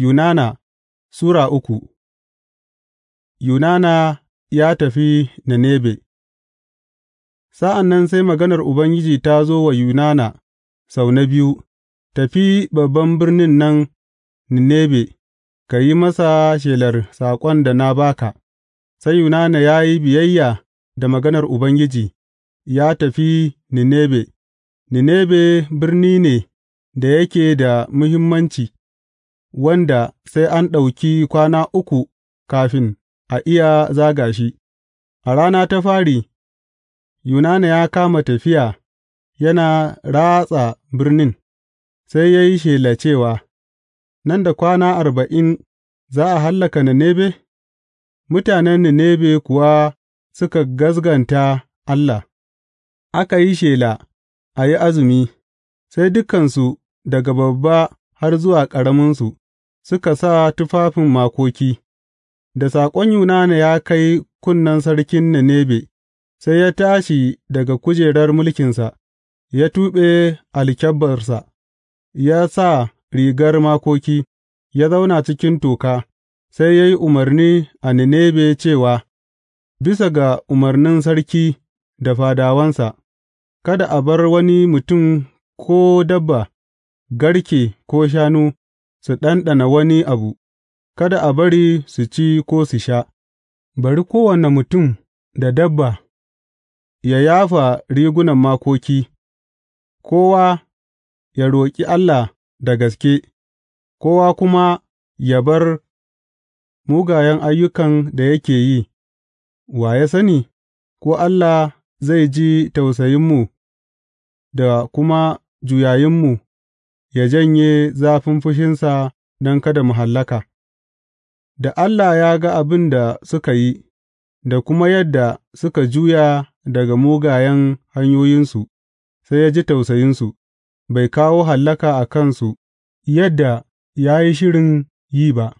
Yunana Sura uku Yunana ya tafi Ninebe Sa'an nan sai maganar Ubangiji ta zo wa Yunana sau na biyu, Tafi babban birnin nan Ninebe, ka yi masa shelar saƙon da na ba ka, sai Yunana ya yi biyayya da maganar Ubangiji, ya tafi Ninebe, Ninebe birni ne da yake da muhimmanci. wanda sai an ɗauki kwana uku kafin a iya zaga shi, a rana ta fari, Yunana ya kama tafiya yana ratsa birnin, sai ya yi shela cewa, Nan da kwana arba'in za a hallaka Ninebe? Mutanen Ninebe kuwa suka gazganta Allah, aka yi shela a yi azumi, sai dukansu daga babba har zuwa ƙaraminsu. suka sa tufafin makoki, da saƙon Yunana ya kai kunnen sarkin Nenebe. sai ya tashi daga kujerar mulkinsa, ya tuɓe alkyabbarsa, ya sa rigar makoki, ya zauna cikin toka, sai ya yi umarni a Nenebe cewa, Bisa ga umarnin sarki da fadawansa, kada a bar wani mutum ko dabba, garke ko shanu. su ɗanɗana wani abu, kada a bari su ci ko su sha, bari kowane mutum da dabba Ya yafa rigunan makoki, kowa ya roƙi Allah da gaske, kowa kuma ya bar mugayen ayyukan da yake yi, wa ya sani, ko Allah zai ji tausayinmu da kuma juyayinmu. Ya janye zafin fushinsa don kada mu hallaka, da Allah ya ga abin da suka yi, da kuma yadda suka juya daga mugayen hanyoyinsu, sai ya ji tausayinsu, bai kawo hallaka a kansu yadda ya yi shirin yi ba.